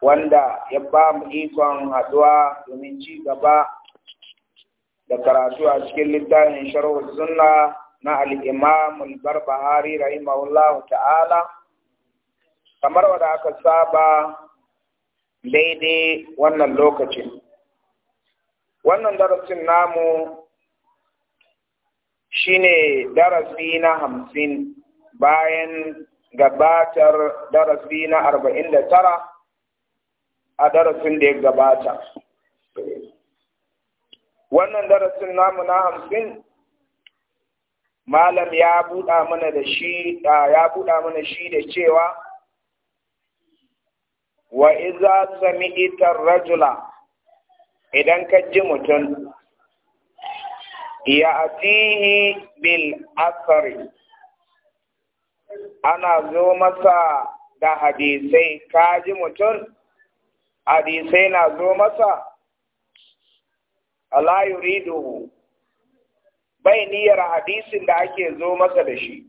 wanda ya ba mu ikon haɗuwa domin ci gaba da karatu a cikin littafin sharhu sunna na al-imam al-barbahari rahimahullah ta'ala kamar wanda aka saba daidai wannan lokacin wannan darasin namu shine darasi na hamsin bayan gabatar darasi na arba'in da tara a darasin da ya gabata wannan darasin namu na hamsin malam ya buɗa mana da shi ya buɗa mana shi da cewa wa iza itar rajula idan ka ji mutum ya atihi bil asari ana zo masa da hadisai ka ji mutum hadisai na zo masa ala yuriduhu bai niyyar hadisin da ake zo masa da shi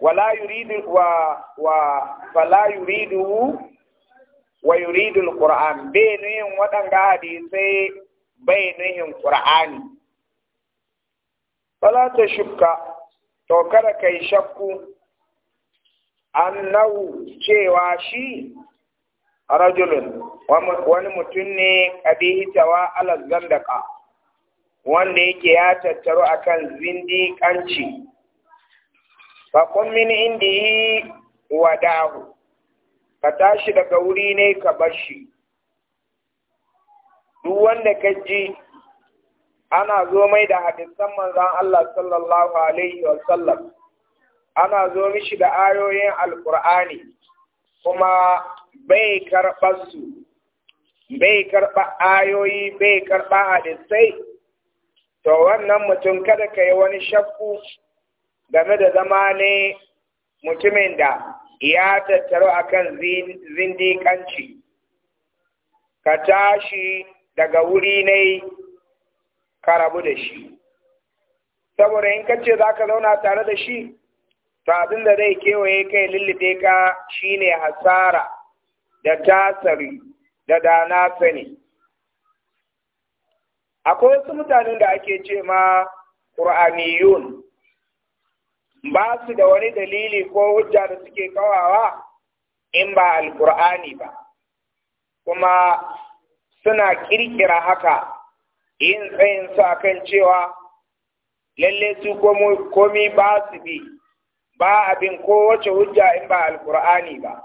wala yuridu wa wa fala yuridu wa yuridu alquran bai nuhin waɗanga hadisai bai nuhin qur'ani fala ta shukka to kada kai shakku An annahu cewa shi rajulun wani mutum ne kabihi tawa zandaka wanda yake ya tattaru akan zindiƙanci faƙon min indihi wadahu ka tashi daga wuri ne ka bashi duk wanda ka ji ana zo mai da hadisan manzan Allah sallallahu alaihi Wasallam. ana zo mishi da ayoyin alkur'ani kuma bai karɓar bai karɓa ayoyi bai karɓa hadisai to wannan mutum kada ka yi wani shakku game da zama ne mutumin da ya tattaro a kan zindikanci. ka tashi daga wuri ne ka rabu da shi saboda in kace za ka zauna tare da shi to abin da zai kewaye kai lullube ka shine hasara da tasari da dana sani akwai wasu mutanen da ake ce ma ƙur'aniyun ba su da wani dalili ko hujja da suke kawawa in ba alƙur'ani ba kuma suna ƙirƙira haka yin tsayin su kan cewa lalle su komi ba su bi ba abin kowace hujja in ba alkur'ani ba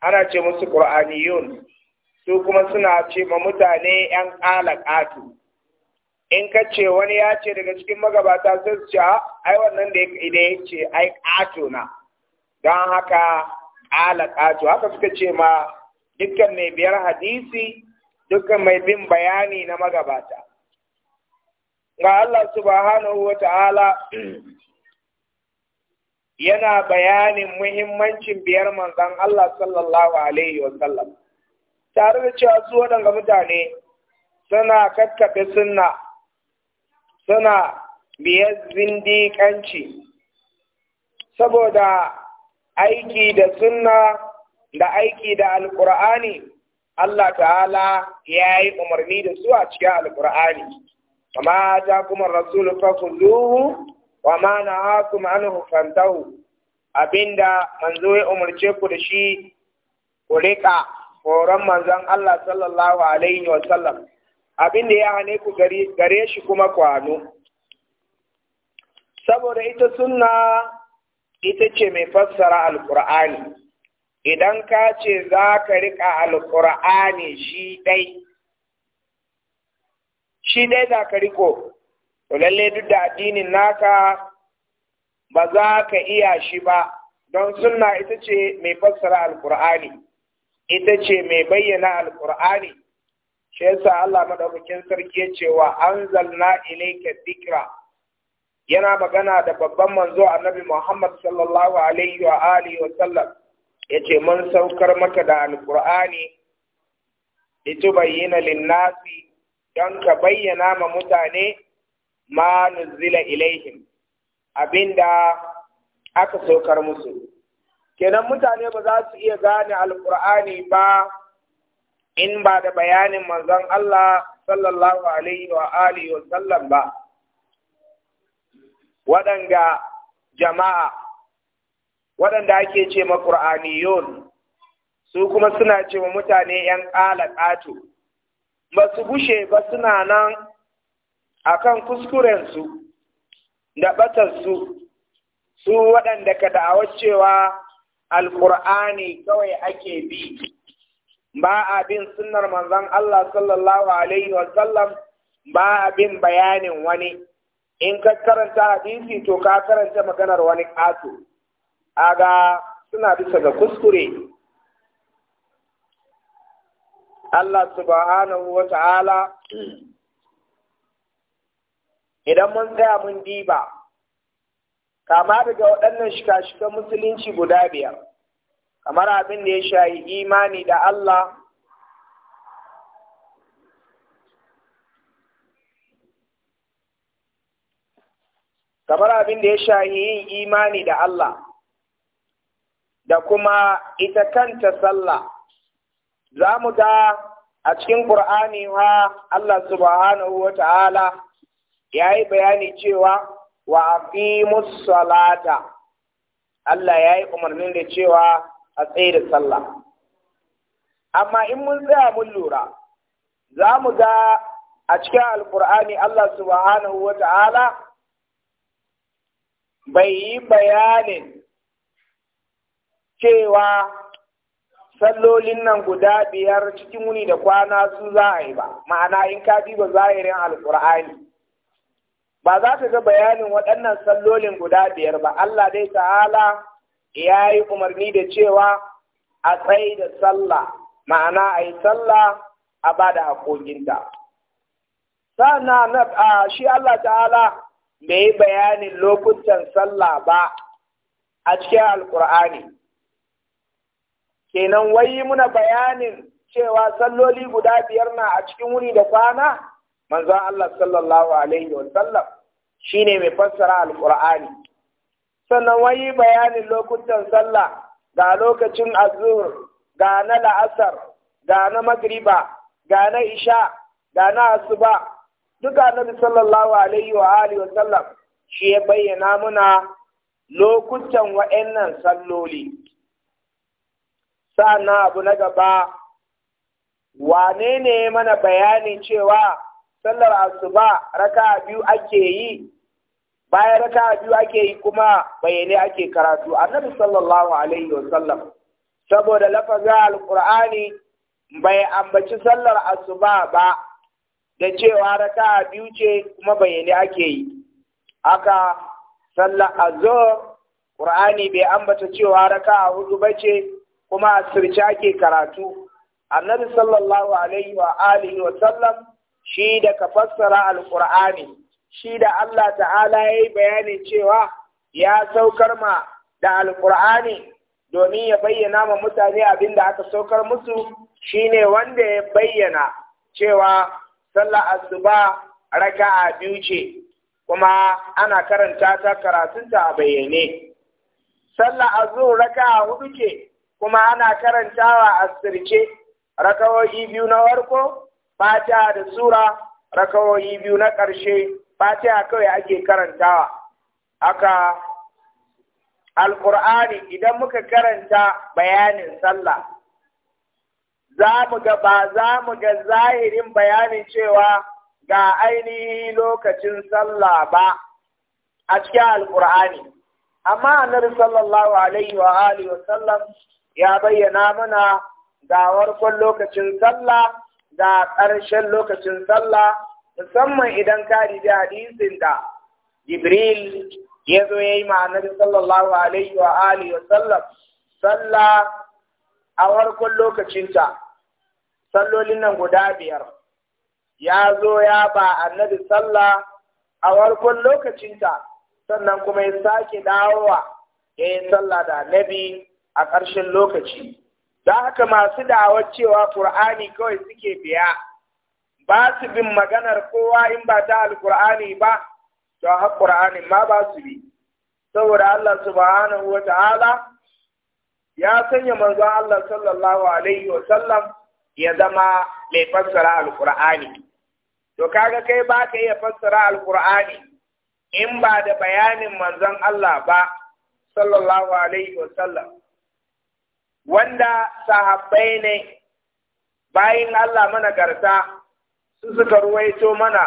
ana ce musu qur'aniyun su kuma suna ce ma mutane yan alaƙatu in ka ce wani ya ce daga cikin magabata sai su ce ai wannan da idan ya ce ai ƙato na don haka alaƙatu haka suka ce ma dukkan mai biyar hadisi dukkan mai bin bayani na magabata ga Allah subhanahu wa ta'ala yana bayanin muhimmancin biyar manzan Allah sallallahu alaihi wa tare da cewa su waɗanda mutane suna kakkafe sunna suna biyar zindikanci. saboda aiki da sunna da aiki da alƙur'ani Allah ta'ala ya yi umarni da su a cikin alƙur'ani kama ta kuma Rasulun fa wa ma nahakum anhu fantahu abinda manzo ya umarce ku da shi ku rika horon manzon Allah sallallahu alaihi wa sallam abinda ya hane ku gare shi kuma kwano saboda ita sunna ita ce mai fassara alkur'ani idan ka ce za ka riƙa alkur'ani shi ɗai shi ɗai za ka riƙo to lalle duk da addinin naka ba za ka iya shi ba don sunna ita ce mai fassara alkur'ani ita ce mai bayyana alkur'ani shi yasa Allah madaukakin sarki ya ce wa anzalna ilayka dhikra yana magana da babban manzo annabi Muhammad sallallahu alaihi wa alihi wa sallam yace mun saukar maka da alkur'ani litubayyana lin-nasi don ka bayyana ma mutane ma nuzila ilaihim abinda aka saukar musu kenan mutane ba za su iya gane alkur'ani ba in ba da bayanin manzon Allah sallallahu alaihi wa alihi wa sallam ba waɗanga jama'a waɗanda ake ce ma su kuma suna ce wa mutane ‘yan ƙala ƙato ba su gushe ba suna nan akan kuskurensu da batarsu su waɗanda ka da'awar cewa alƙur'ani kawai ake bi ba a bin sunnar manzon Allah sallallahu alaihi wa sallam ba a bin bayanin wani in ka karanta hadisi to ka karanta maganar wani ƙato aga suna bisa ga kuskure Allah subhanahu wa ta'ala idan mun tsaya mun diba kama daga waɗannan shika-shikan musulunci guda biyar kamar abin da ya shayi imani da Allah kamar abin da ya shayi yin imani da Allah da kuma ita kanta sallah za mu ga a cikin ƙur'ani wa Allah subhanahu wa ta'ala ya yi bayani cewa wa fi musalata Allah ya yi umarnin da cewa a tsaye da sallah amma in mun tsaya mun lura za mu ga a cikin Alƙur'ani Allah subhanahu wa ta'ala bai yi bayanin cewa sallolin nan guda biyar cikin wuni da kwana su za a yi ba ma'ana in ka ba zahirin alkur'ani ba za ka ga bayanin waɗannan sallolin guda biyar ba Allah dai ta'ala ya yi umarni da cewa a tsaye da sallah ma'ana a yi sallah a ba da haƙoƙinta sannan shi Allah ta'ala bai yi bayanin lokutan sallah ba a cikin Alƙur'ani. kenan wai muna bayanin cewa salloli guda biyar na a cikin wuni da kwana manzon Allah sallallahu alaihi wa sallam shine mai fassara alqur'ani sannan wai bayanin lokutan sallah ga lokacin azur ga na la'asar ga na magriba ga na isha ga na asuba duka annabi sallallahu alaihi wa alihi wa sallam shi ya bayyana muna lokutan wa'annan salloli sana abu na gaba wane ne mana bayani cewa sallar asuba raka biyu ake yi bayan raka biyu ake yi kuma bayane ake karatu annabi sallallahu alaihi wa sallam saboda lafazin alqur'ani bai ambaci sallar asuba ba da cewa raka biyu ce kuma bayane ake yi haka sallar azhar qur'ani bai ambata cewa raka hudu bace kuma asirce ake karatu annabi sallallahu alaihi wa alihi wa sallam shi da ka fassara alƙur'ani shi da Allah ta'ala ya yi bayani cewa ya saukar ma da alƙur'ani domin ya bayyana ma mutane abin da aka saukar musu shi ne wanda ya bayyana cewa sallar asuba raka'a biyu ce kuma ana karanta ta karatunta a bayyane sallar raka raka'a hudu ce kuma ana karantawa a sirce rakawoyi biyu na farko fatiha da sura rakawoyi biyu na ƙarshe fatiha kawai ake karantawa aka alƙur'ani idan muka karanta bayanin sallah za mu ga ba za mu ga zahirin bayanin cewa ga ainihi lokacin sallah ba a cikin alƙur'ani amma annabi sallallahu alaihi wa alihi wa sallam ya bayyana mana ga warkon lokacin sallah da ƙarshen lokacin sallah musamman idan ka da hadisin da Jibril ya zo ya yi ma annabi sallallahu alaihi wa alihi wa sallam sallah a farkon lokacinta sallolin nan guda biyar ya zo ya ba annabi sallah a farkon lokacinta sannan kuma ya sake dawowa ya yi sallah da annabi a ƙarshen lokaci da haka masu da'awar cewa Qur'ani kawai suke biya ba su bin maganar kowa in ba ta alƙur'ani ba to har Qur'anin ma ba su bi saboda Allah subhanahu wa ta'ala ya sanya manzo Allah sallallahu alaihi wa sallam ya zama mai fassara alƙur'ani to kaga kai ba ka iya fassara alƙur'ani in ba da bayanin manzon Allah ba sallallahu alaihi wa sallam wanda sahabbai ne bayan Allah managarta su suka ruwaito mana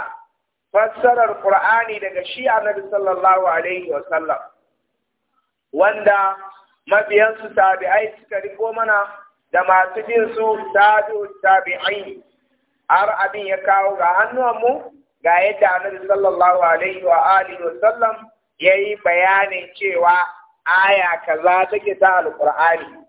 fassarar Qur'ani daga shi annabi sallallahu alaihi wa sallam wanda mabiyansu tabi'ai suka riko mana da masu bin su tabi'u tabi'ai har abin ya kawo ga mu ga yadda annabi sallallahu alaihi wa alihi wa sallam yayi bayanin cewa aya kaza take ta alqur'ani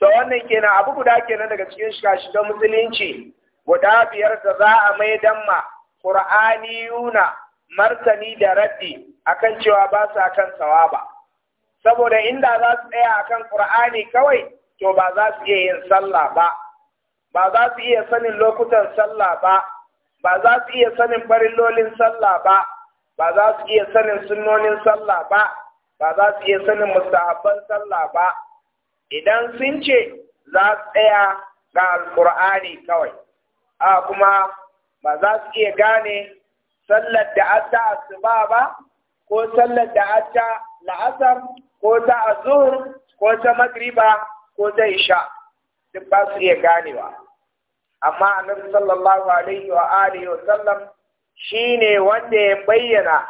to wannan kenan abu guda kenan daga cikin shiga musulunci guda biyar da za a mai damma qur'ani yuna martani da raddi akan cewa ba su akan sawaba saboda inda za su tsaya akan qur'ani kawai to ba za su iya yin sallah ba ba za su iya sanin lokutan sallah ba ba za su iya sanin farillolin sallah ba ba za su iya sanin sunnonin sallah ba ba za su iya sanin mustahabban sallah ba idan sun ce za su tsaya ga alkur'ani kawai a kuma ba za su iya gane sallar da ta asuba ba ko sallar da ta la'asar ko ta azur ko ta magriba ko ta isha duk ba su iya ganewa amma annabi sallallahu alaihi wa alihi wa sallam shine wanda ya bayyana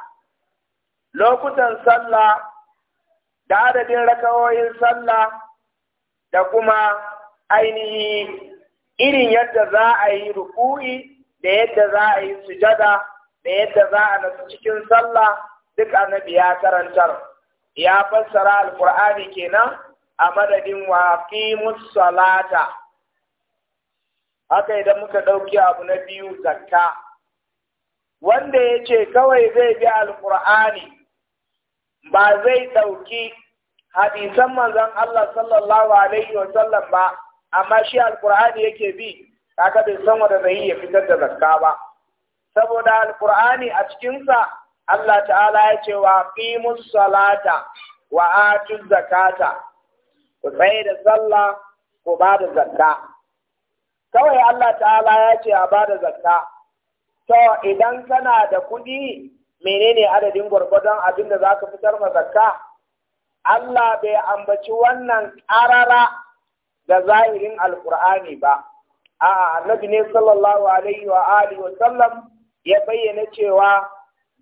lokutan sallah da adadin rakawoyin sallah da kuma ainihi irin yadda za a yi ruku'i da yadda za a yi sujada da yadda za a nasu cikin sallah duk annabi ya karantar ya fassara alkur'ani kenan a madadin wa mus'alata. salata haka idan muka ɗauki abu na biyu zakka wanda ya ce kawai zai bi alkur'ani ba zai ɗauki hadisan manzon Allah sallallahu alaihi wa sallam ba amma shi alqur'ani yake bi kaga bai san wanda zai ya fitar da zakka ba saboda alqur'ani a cikin sa Allah ta'ala ya ce wa qimus salata wa atuz zakata ku tsaye da sallah ku ba da zakka kawai Allah ta'ala ya ce a ba da zakka to idan kana da kuɗi menene adadin gwargwadon abin da zaka fitar ma zakka Allah bai ambaci wannan ƙarara da zahirin alƙur'ani ba. A annabi ne sallallahu alaihi wa alihi wa sallam ya bayyana cewa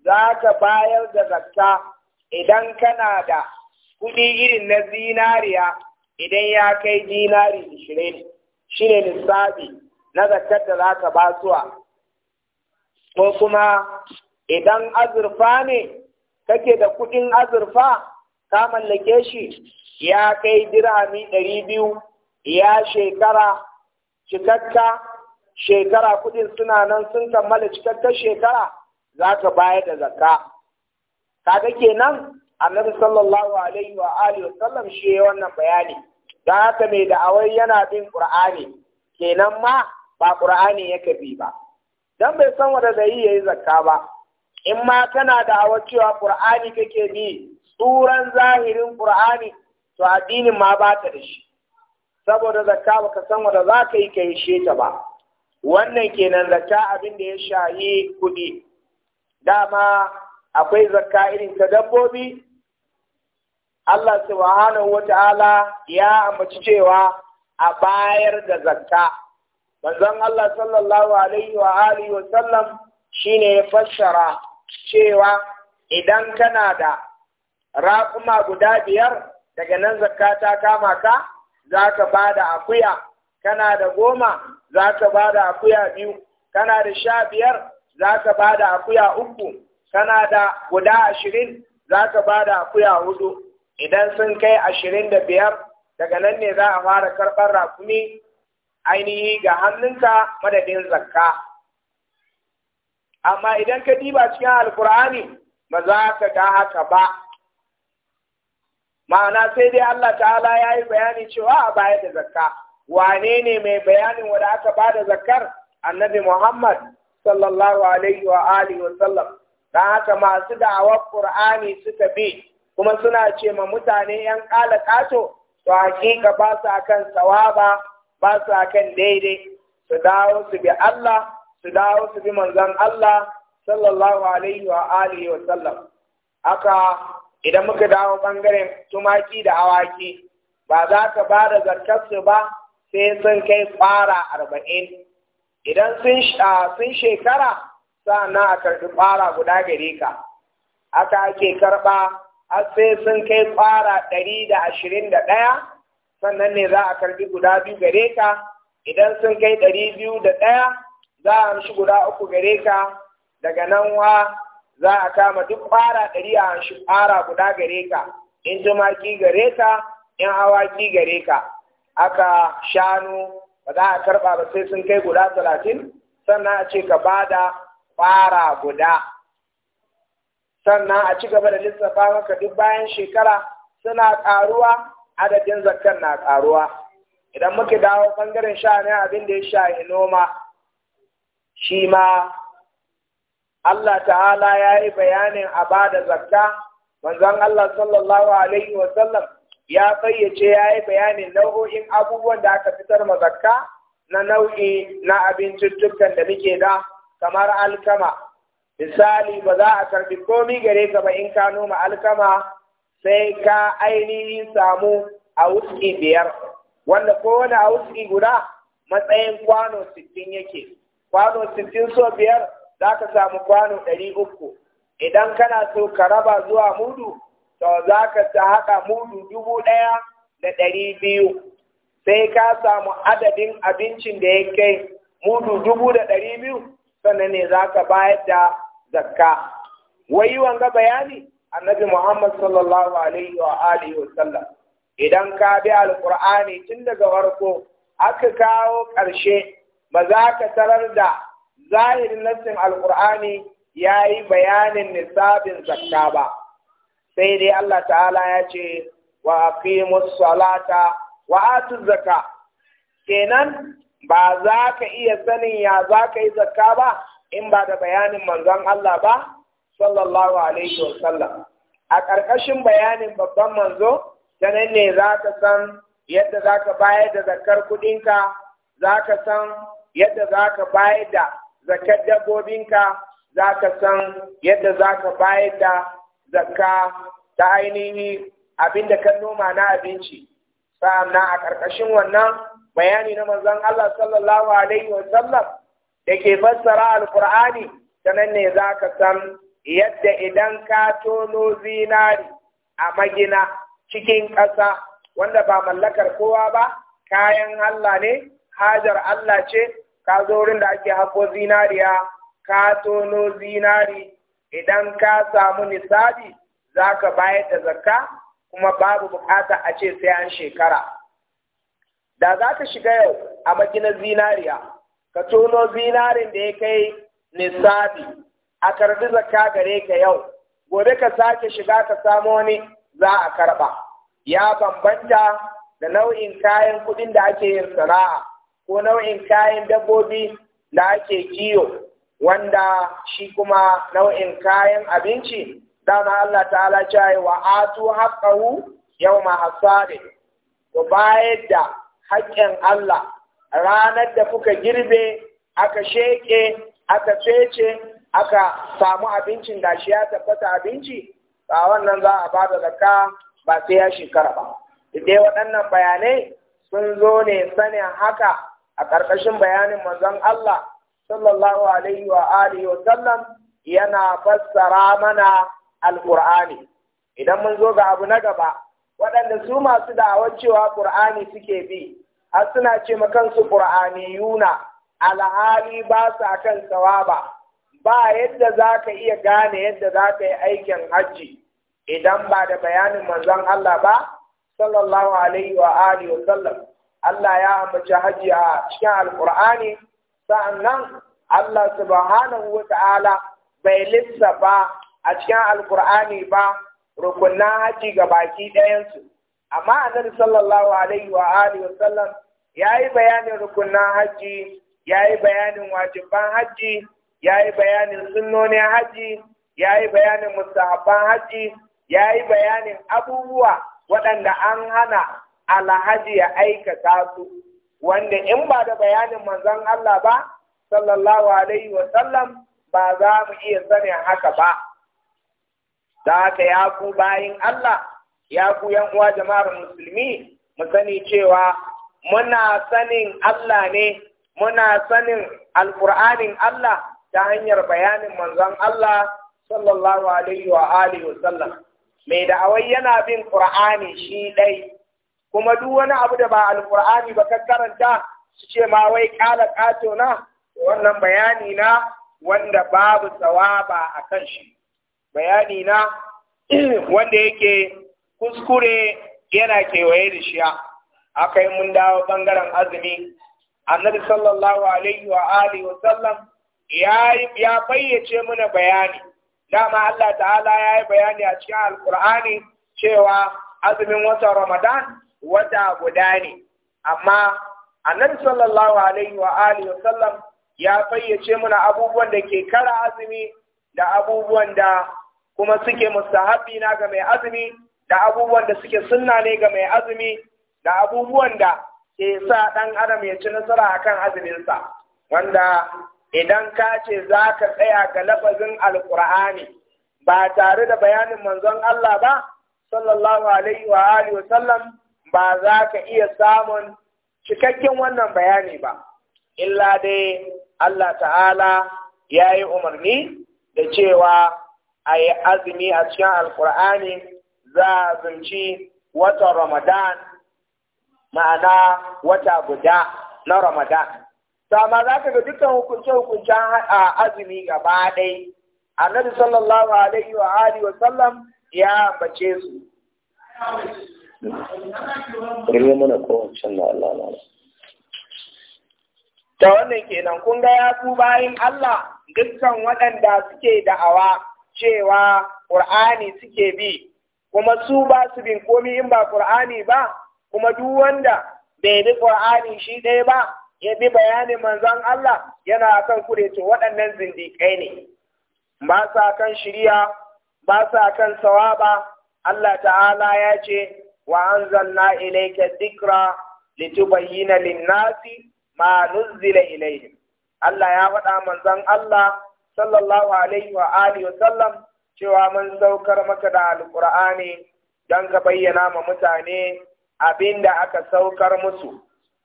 za ka bayar da zakka idan kana da kuɗi irin na zinariya idan ya kai dinari ishirin shi ne lissafi na zakkar da za ka basuwa. Ko kuma idan azurfa ne kake da kuɗin azurfa ta mallake shi ya kai dirhami ɗari biyu ya shekara cikakka shekara kudin suna nan sun kammala cikakkar shekara za ka bayar da zakka kaga kenan annabi sallallahu alaihi wa alihi wasallam shi ya wannan bayani don haka mai da'awai yana bin qur'ani kenan ma ba qur'ani yake bi ba dan bai san wanda zai yi yayi zakka ba in ma kana da'awar cewa qur'ani kake bi tsoron zahirin Qur'ani to addinin ma ba ta da shi saboda zakka baka san wanda za ka yi ka yi ta ba wannan kenan zakka abin da ya shahi kuɗi dama akwai zakka irin ta dabbobi Allah subhanahu wata'ala ya ambaci cewa a bayar da zakka manzon Allah sallallahu alaihi wa alihi wa sallam shine ya fassara cewa idan kana da raƙuma guda biyar daga nan zakka ta kama ka za ka ba da akuya kana da goma za ka ba da akuya biyu kana da sha biyar za ka ba da akuya uku kana da guda ashirin za ka ba da akuya hudu idan sun kai ashirin da biyar daga nan ne za a fara karɓar rakumi ainihi ga hannunka madadin zakka amma idan ka diba cikin alkur'ani ba za ka ga haka ba ma'ana sai dai Allah ta'ala ya yi bayani cewa a baya da zakka wane ne mai bayanin wanda aka ba da zakkar annabi Muhammad sallallahu alaihi wa alihi wa sallam dan haka masu da'awar Qur'ani suka bi kuma suna ce ma mutane yan kala kato to hakika ba su akan sawaba ba su akan daidai su dawo su bi Allah su dawo su bi manzon Allah sallallahu alaihi wa alihi wa sallam aka idan muka dawo ɓangaren tumaki da awaki ba za ka ba da zarkarsu ba sai sun kai fara arba'in idan sun shekara sa'annan a karɓi fara guda gare ka aka ake karɓa har sai sun kai fara ɗari da ashirin da ɗaya sannan ne za a karɓi guda biyu gare ka idan sun kai ɗari biyu da ɗaya za a amshi guda uku gare ka daga nan wa za a kama duk ɓara ɗari a hanshi guda gare ka in tumaki gare ka in awaki gare ka aka shanu ba za a karɓa ba sai sun kai guda talatin sannan a ce ka ba da ɓara guda sannan a ci gaba da lissafa maka duk bayan shekara suna ƙaruwa adadin zakkan na ƙaruwa idan muke dawo ɓangaren sha ne abin da ya ya noma shi ma Allah ta'ala ya yi bayanin a ba da zakka, manzon Allah sallallahu Alaihi wasallam ya fayyace ya yi bayanin nau'o'in abubuwan da aka fitar ma zakka na nau'i na abincin da muke da kamar alkama. Misali ba za a karbi komi gare ka ba in ka noma alkama sai ka ainihin samu a wuski biyar, wanda kowane a wuski guda matsayin kwano sittin yake. Kwano sittin so biyar za ka samu kwano ɗari uku idan kana so ka raba zuwa mudu to za ka ta haɗa mudu dubu ɗaya da ɗari biyu sai ka samu adadin abincin da ya kai mudu dubu da ɗari biyu sannan ne za ka bayar da zakka wai wanga bayani annabi muhammad sallallahu alaihi wa alihi wa sallam idan ka bi alqur'ani tun daga farko aka kawo ƙarshe ba za ka tarar da zahirin nassin ya yi bayanin nisabin zakka ba sai dai Allah ta'ala ya ce wa aqimus salata wa zakka kenan ba za ka iya sanin ya za ka yi zakka ba in ba da bayanin manzon Allah ba sallallahu alaihi wa sallam a ƙarƙashin bayanin babban manzo ta nan ne za ka san yadda za ka bayar da zakar kuɗinka za ka san yadda za ka bayar da zakar dabbobinka za ka san yadda za ka bayar da zakka ta ainihi abin da ka noma na abinci sa'annan a ƙarƙashin wannan bayani na manzon Allah sallallahu alaihi wa da ke fassara alƙur'ani sanan ne za ka san yadda idan ka tono zinari a magina cikin ƙasa wanda ba mallakar kowa ba kayan Allah ne hajar Allah ce ka zo wurin da ake hako zinariya ka tono zinari idan ka samu nisabi za ka bayar da zakka kuma babu bukata a ce sai an shekara da za ka shiga yau a maginar zinariya ka tono zinarin da ya kai nisabi a karbi zakka gare ka yau gobe ka sake shiga ka samu wani za a karba ya bambanta da nau'in kayan kudin da ake yin sana'a ko nau'in kayan dabbobi da ake kiyo wanda shi kuma nau'in kayan abinci dan Allah ta'ala cewa wa atu haqqahu yawma hasadi to bayar da haƙƙin Allah ranar da kuka girbe aka sheke aka fece aka samu abincin da shi ya tabbata abinci ba wannan za a bada zakka ba sai ya shekara ba dai waɗannan bayanai sun zo ne sanin haka a ƙarƙashin bayanin manzon Allah sallallahu alaihi wa alihi wa sallam yana fassara mana alqur'ani idan mun zo ga abu na gaba waɗanda su masu da'awar cewa qur'ani suke bi har suna ce ma kansu yuna alhali ba su akan sawaba ba yadda za ka iya gane yadda za ka yi aikin hajji idan ba da bayanin manzon Allah ba sallallahu alaihi wa alihi wa sallam Allah ya ambaci haji a cikin alkur'ani sa'annan Allah subhanahu wa ta'ala bai lissafa a cikin alkur'ani ba rukunan haji ga baki ɗayansu amma annabi sallallahu alaihi wa alihi wasallam yayi bayanin rukunan haji yayi bayanin wajiban haji yayi bayanin sunnoni haji yayi bayanin mustahabban haji yayi bayanin abubuwa waɗanda an hana alhaji ya aikata su wanda in ba da bayanin manzon Allah ba sallallahu alaihi wa sallam ba za mu iya sanin haka ba da haka ya ku bayin Allah ya ku yan uwa jama'ar musulmi mu sani cewa muna sanin Allah ne muna sanin alqur'anin Allah ta hanyar bayanin manzon Allah sallallahu alaihi wa alihi wa sallam mai yana bin qur'ani shi dai kuma duk wani abu da ba alqur'ani ba ka karanta su ce ma wai kala kato na wannan bayani na wanda babu tsawaba a kan shi bayani na wanda yake kuskure yana kewaye da shi aka yi mun dawo bangaren azumi annabi sallallahu alaihi wa alihi wa sallam ya ya bayyace mana bayani dama Allah ta'ala ya yi bayani a cikin alkur'ani cewa azumin watan ramadan wata guda ne amma annabi sallallahu alaihi wa alihi wa sallam ya fayyace mana abubuwan da ke kara azumi da abubuwan da kuma suke mustahabbi na ga mai azumi da abubuwan da suke sunna ne ga mai azumi da abubuwan da ke sa ɗan adam ya ci nasara a kan azuminsa wanda idan ka ce za ka tsaya ga lafazin alkur'ani ba tare da bayanin manzon Allah ba sallallahu alaihi wa alihi wa sallam ba za ka iya samun cikakken wannan bayani ba illa dai Allah ta'ala ya yi umarni da cewa a yi azumi a cikin Alƙur'ani za a zunci wata ramadan ma'ana wata guda na ramadan sama za ka ga dukkan hukunce-hukuncen azumi gaba ɗai annabi sallallahu alaihi wa wa sallam ya bace su mana na Allah na Da wannan kenan kun ga ya ku bayan Allah dukkan waɗanda suke da'awa cewa Ƙur'ani suke bi, kuma su ba su bin komi in ba Ƙur'ani ba, kuma duk wanda bai bi Ƙur'ani shi ɗaya ba, ya bi bayanin manzon Allah yana kan kure to waɗannan zindiƙai ne. Ba sa kan shirya, ba sa kan sawaba, Allah ta'ala ya ce, وأنزلنا إليك الذكرى لتبين للناس ما نزل إليهم Allah ya faɗa manzon Allah sallallahu alaihi wa alihi cewa mun saukar maka da alƙur'ani don ka bayyana ma mutane abin da aka saukar musu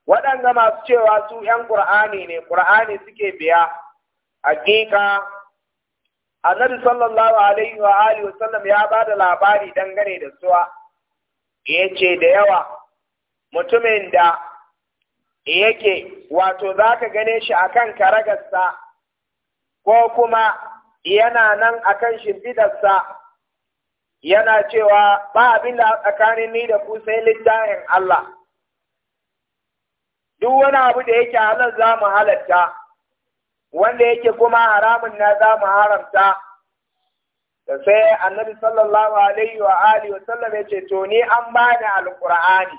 waɗanda masu cewa su ‘yan ƙur'ani ne ƙur'ani suke biya hakika annabi sallallahu alaihi wa alihi ya ba da labari dangane da suwa yace da yawa mutumin da yake wato za ka gane shi akan karagarsa ko kuma yana nan akan shimfidarsa yana cewa ba abin da tsakanin ni da ku sai littafin Allah duk wani abu da yake halar za mu halatta wanda yake kuma haramun na za mu haramta sai annabi sallallahu alaihi wa alihi wa sallam ya ce to ni an bani alqur'ani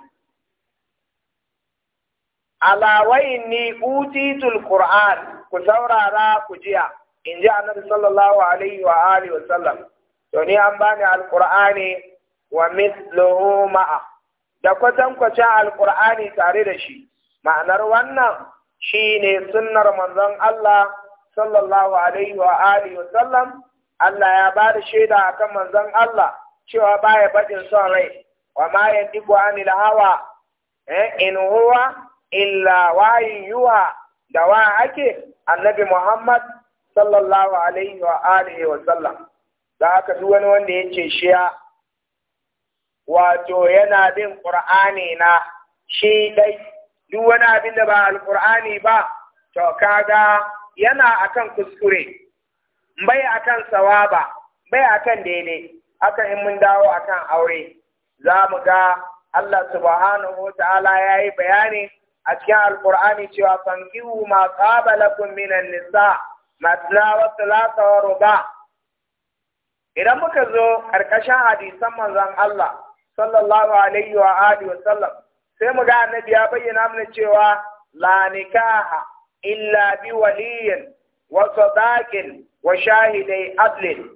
alawai ni utitul qur'an ku saurara ku jiya in ji annabi sallallahu alaihi wa alihi wa sallam to ni an bani alqur'ani wa mithluhu ma'a da kwatankwacin alqur'ani tare da shi ma'anar wannan shine sunnar manzon Allah sallallahu alaihi wa alihi wa sallam Allah ya ba da shaida akan manzon Allah cewa baya baɗin son rai wa ma yantiqu anil hawa eh, in huwa illa wayin yuha da wa ake annabi Muhammad sallallahu alaihi wa alihi wa sallam da haka duk wani wanda ya ce shiya wato yana bin ƙur'ani na shi dai duk wani abin da ba alqur'ani ba to kaga yana akan kuskure bai akan sawaba bai akan daidai haka in mun dawo akan aure za mu ga Allah subhanahu wa ta'ala ya yi bayani a cikin alkur'ani cewa fankihu ma qaba lakum minan nisa matla wa thalatha wa ruba idan muka zo ƙarƙashin hadisan manzon Allah sallallahu alaihi wa alihi wa sallam sai mu ga annabi ya bayyana mana cewa la nikaha illa bi waliyin wa sadaqin wa shahidai adlin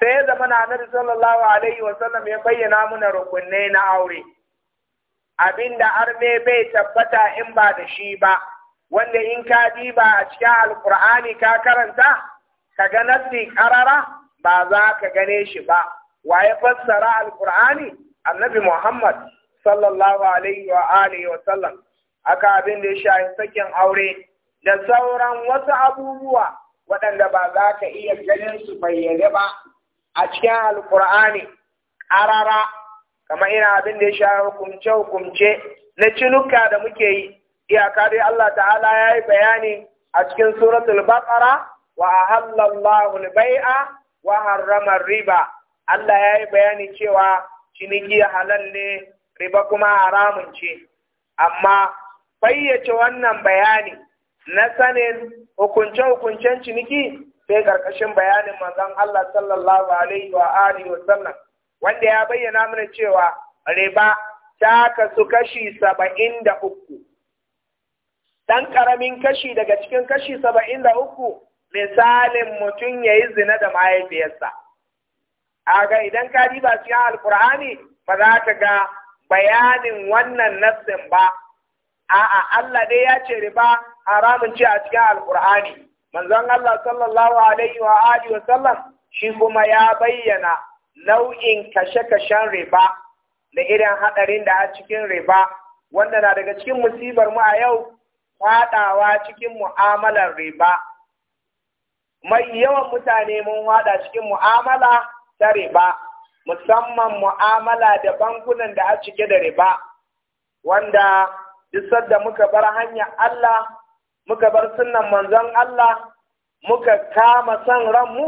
sai zama na annabi sallallahu alaihi wa sallam ya bayyana mana rukunne na aure abinda arme bai tabbata in ba da shi ba wanda in ka diba a cikin alkur'ani ka karanta ka ga nasi karara ba za ka gane shi ba wa ya fassara alkur'ani annabi muhammad sallallahu alaihi wa alihi wa sallam aka abin da ya shahi sakin aure da sauran wasu abubuwa waɗanda ba za ka iya ganin su bayyane ba a cikin alkur'ani ƙarara kamar ina abin da ya sha hukumce hukumce na cinuka da muke yi iyaka dai Allah ta'ala ya yi bayani a cikin suratul baqara wa ahallallahu al-bai'a wa harrama riba Allah ya yi bayani cewa ciniki halal ne riba kuma haramun ce amma fayyace wannan bayani na sanin hukunce-hukuncen ciniki sai ƙarƙashin bayanin manzon Allah sallallahu alaihi wa alihi wa sallam wanda ya bayyana mana cewa riba ta kasu kashi saba'in da uku. Ɗan ƙaramin kashi daga cikin kashi saba'in da uku misalin mutum ya yi zina da mahaifiyarsa. Aga idan ka diba cikin alkur'ani ba za ka ga bayanin wannan nassin ba. A'a Allah dai ya ce riba haramun ce a cikin alkur'ani manzon Allah sallallahu alaihi wa alihi wa sallam shi kuma ya bayyana nau'in kashe-kashen riba da irin hadarin da a cikin riba wanda na daga cikin musibar mu a yau fadawa cikin mu'amalar riba mai yawan mutane mun wada cikin mu'amala ta riba musamman mu'amala da bankunan da a cike da riba wanda duk da muka bar hanyar Allah muka bar sunan manzon Allah muka kama son ranmu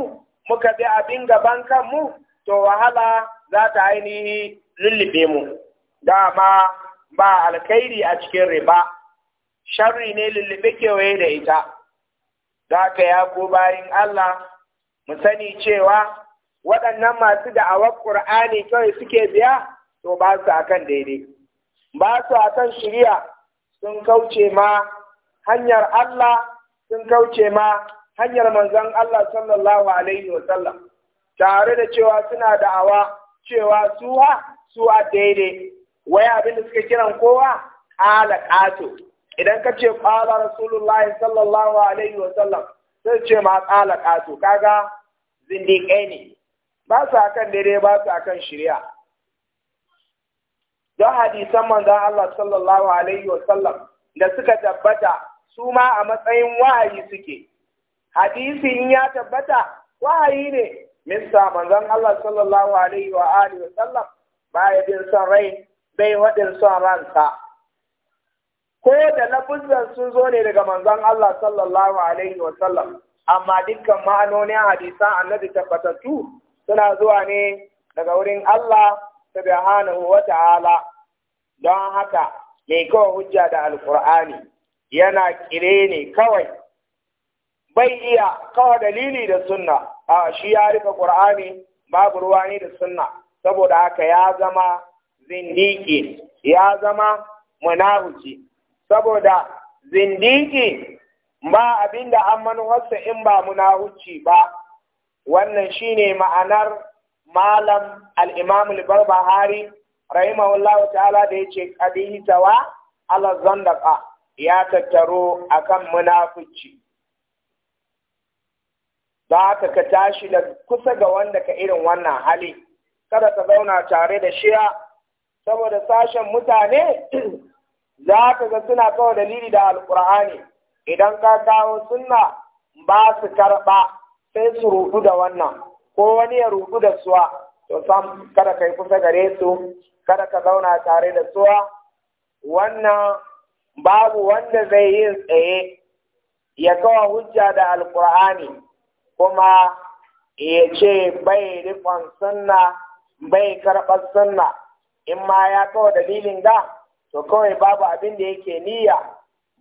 muka bi abin gaban kanmu to wahala za ta ainihi lullube mu dama ba alkhairi a cikin riba sharri ne lullube kewaye da ita za ka ya ko bayan Allah mu sani cewa waɗannan masu da'awar ƙur'ani kawai suke biya to ba su akan daidai ba su akan shirya sun kauce ma hanyar Allah sun kauce ma hanyar manzon Allah sallallahu alaihi wa sallam tare da cewa suna da'awa cewa suwa suwa daidai wai abin da suka kiran kowa ƙala ƙato idan ka ce ƙala rasulullah sallallahu alaihi wa sallam sai ce ma ƙala ƙato kaga zindiƙai ne ba su akan daidai ba su akan shirya don hadisan manzon Allah sallallahu alaihi wa sallam da suka tabbata su ma a matsayin wahayi suke hadisi in ya tabbata wahayi ne mista manzon Allah sallallahu alaihi wa alihi wa sallam baya bin son rai bai waɗin son ransa ko da lafuzan sun zo ne daga manzon Allah sallallahu alaihi wa sallam amma dukkan ma'anonin hadisan annabi tabbatattu suna zuwa ne daga wurin Allah subhanahu wa ta'ala don haka mai kawai hujja da alkur'ani yana kire ne kawai bai iya kawa dalili da sunna a shi ya rika ƙur'ani, babu ruwa ne da sunna saboda haka ya zama zindiki ya zama munafiki saboda zindiki ba abinda an manuwarsa in ba munahuci ba wannan shine ma'anar malam al-imam al-barbahari rahimahullahu ta'ala da yace qadihi tawa ala zandaqa ya tattaro akan munafici munafuci ka ka tashi da kusa ga wanda ka irin wannan hali kada ka zauna tare da shiya saboda sashen mutane za ka ga suna kawo dalili da alkur'ani idan ka kawo sunna ba su karɓa sai su rudu da wannan ko wani ya rudu da suwa to sam kada ka yi kusa gare su kada ka zauna tare da suwa wannan babu wanda zai yi tsaye ya kawo hujja da alkur'ani kuma ya ce bai rikon sunna bai karɓar sunna in ma ya kawo dalilin ga to kawai babu abin da yake niyya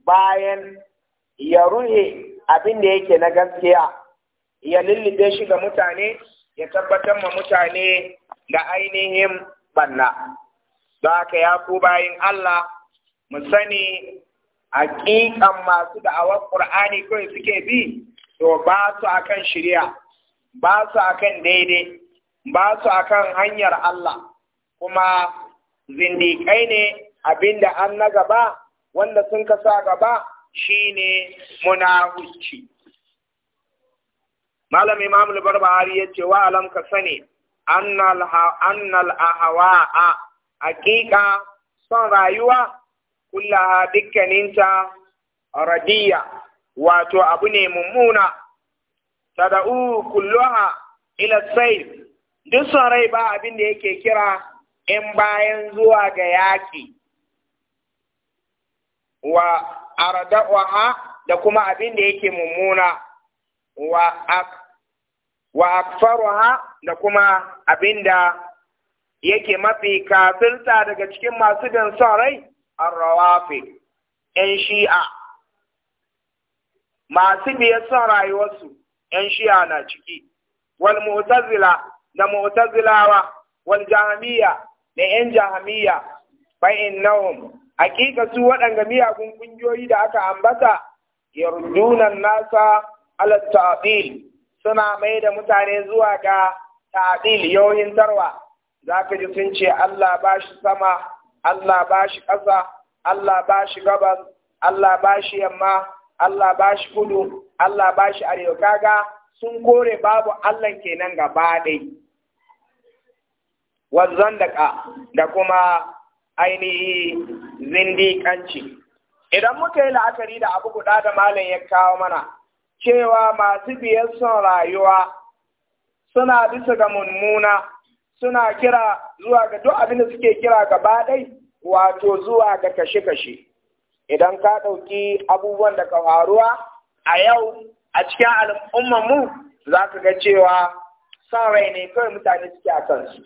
bayan ya ruhe abin da yake na gaskiya ya lullube shi ga mutane ya tabbatar ma mutane da ainihin banna. Za ka ya ku bayin Allah mu sani haƙiƙan masu da'awar ƙur'ani kawai suke bi to ba su akan shirya, ba su akan daidai ba su akan hanyar Allah kuma zindiƙai ne abinda an na gaba wanda sun kasa gaba Shi shine wuce. malam imam al-barbahari ce, wa alam ka sani annal annal ahawa a hakika son rayuwa kullaha dukkaninta radiya wato abu ne mummuna tada'u kulluha ila sayf duk son rai ba abin da yake kira in bayan zuwa ga yaƙi wa arda'uha da kuma abin da yake mummuna wa ak wa da kuma abin da yake mafi kafirta daga cikin masu bin son rai arrawafi ƴan shi'a masu biyar son rayuwarsu ‘yan shi'a na ciki wal mu'tazila da mu'tazilawa wal jahamiya da ‘yan jahamiya bayin nahum hakika su waɗanga miyagun ƙungiyoyi da aka ambata yardunan nasa ala ta'dil suna mai da mutane zuwa ga ta'dil yoyin tarwa zaka ji sun ce Allah ba shi sama Allah ba shi ƙasa Allah ba shi gabas Allah ba shi yamma Allah ba shi kudu Allah ba shi arewa kaga sun kore babu Allah kenan gaba ɗai wanzan da kuma ainihi zindiƙanci idan muka yi la'akari da abu guda da malam ya kawo mana cewa masu biyar son rayuwa suna bisa ga mummuna suna kira zuwa ga duk abin da suke kira gaba ɗai wato zuwa ga kashe-kashe idan ka ɗauki abubuwan da ka faruwa a yau a cikin al'ummanmu za ka ga cewa son rai ne kawai mutane suke a kansu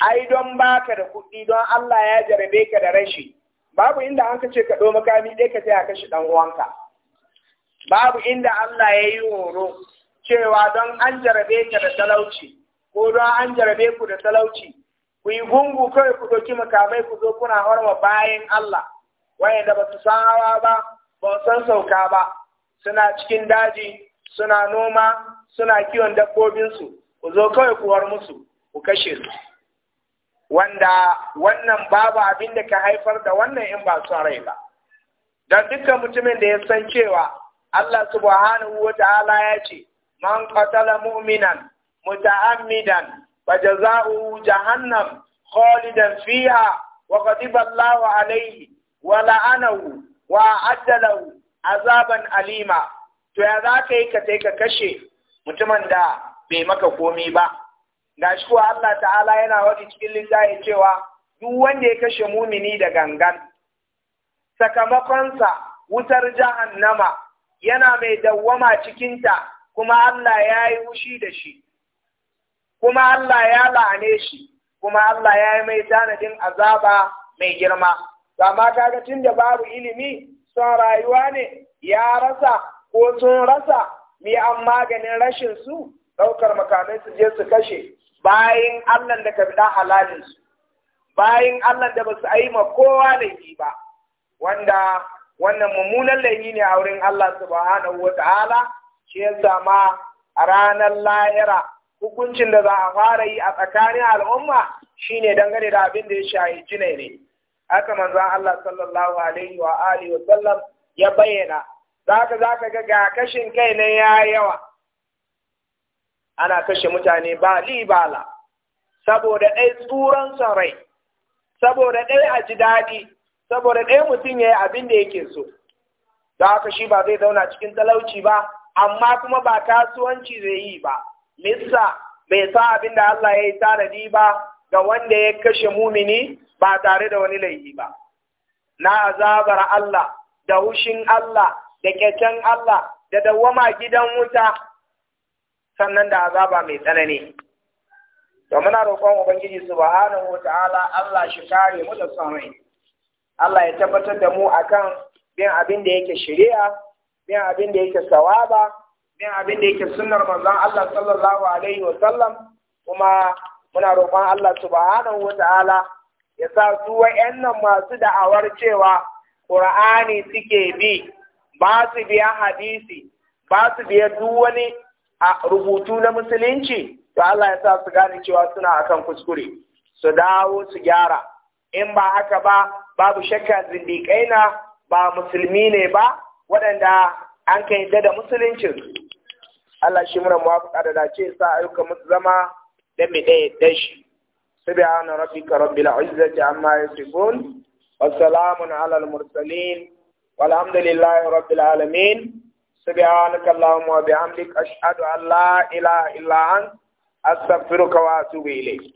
ai don baka da kuɗi don Allah ya jarabe ka da rashi babu inda an ka ce ka ɗo makami ɗai ka taya kashi ɗan uwanka babu inda Allah ya yi horo cewa don an jarabe ka da talauci ko don an jarabe ku da talauci ku yi gungu kawai ku ɗauki makamai ku zo kuna wa bayan Allah da ba su san hawa ba ba su san sauka ba suna cikin daji suna noma suna kiwon dabbobinsu ku zo kawai ku war musu ku kashe su wanda wannan babu abin da ka haifar da wannan in ba su rai ba don dukkan mutumin da ya san cewa Allah subhanahu wa ta'ala ya ce man qatala mu'minan متعمدا فجزاؤه جهنم خالدا فيها وغضب الله عليه ولعنه وأعد له Azaban, Alima. to ya za ka yi ka sai ka kashe mutumin da bai maka komi ba ga Allah ta'ala yana wadi cikin lissafi cewa duk wanda ya kashe mumini da gangan sakamakonsa wutar jahannama yana mai dawwama cikinta kuma Allah ya yi wushi da shi kuma Allah ya la'ane shi kuma Allah ya yi mai tanadin azaba mai girma amma kaga tun da babu ilimi sun rayuwa ne ya rasa ko sun rasa mi an maganin rashin su ɗaukar makamai su je su kashe bayan Allah da kabila halalin su bayan Allah da basu ayi ma kowa laifi ba wanda wannan mummunan laifi ne a wurin Allah subhanahu wa ta'ala shi ya sama ranar lahira hukuncin da za a fara yi a tsakanin al'umma shine dangane da abin da ya shahi jinai ne aka manzon Allah sallallahu alaihi wa alihi wa sallam ya bayyana zaka zaka ga ga kashin kai ne ya yawa ana kashe mutane ba libala saboda ɗai tsuran sarai saboda ɗai a ji daɗi saboda ɗai mutum ya yi abin da yake so da haka shi ba zai zauna cikin talauci ba amma kuma ba kasuwanci zai yi ba lissa bai sa abin da Allah ya yi tanadi ba ga wanda ya kashe mumini ba tare da wani laifi ba. Na azabar Allah, da hushin Allah, da keken Allah, da dawama gidan wuta, sannan da azaba mai tsanani. Da muna roƙon Ubangiji subhanahu wa ta'ala Allah shi kare mu da son rai. Allah ya tabbatar da mu akan bin abin da yake shirya, bin abin da yake sawaba, bin abin da yake sunnar manzon Allah sallallahu alaihi wa sallam kuma muna roƙon Allah subhanahu wa ta'ala ya sa su wayannan masu da'awar cewa Qur'ani suke bi ba su biya hadisi ba su biya duk wani rubutu na musulunci to Allah ya sa su gane cewa suna akan kuskure su dawo su gyara in ba haka ba babu shakka zindiƙai na ba musulmi ne ba waɗanda an kai da musuluncin Allah shi muna muwafaqa da dace sa ayyuka musu zama da mu ɗaya da shi subhana rabbika rabbil izzati amma yasifun wa salamun alal mursalin walhamdulillahi rabbil alamin subhanaka allahumma wa bihamdika ashhadu an la ilaha illa anta astaghfiruka wa atubu ilayk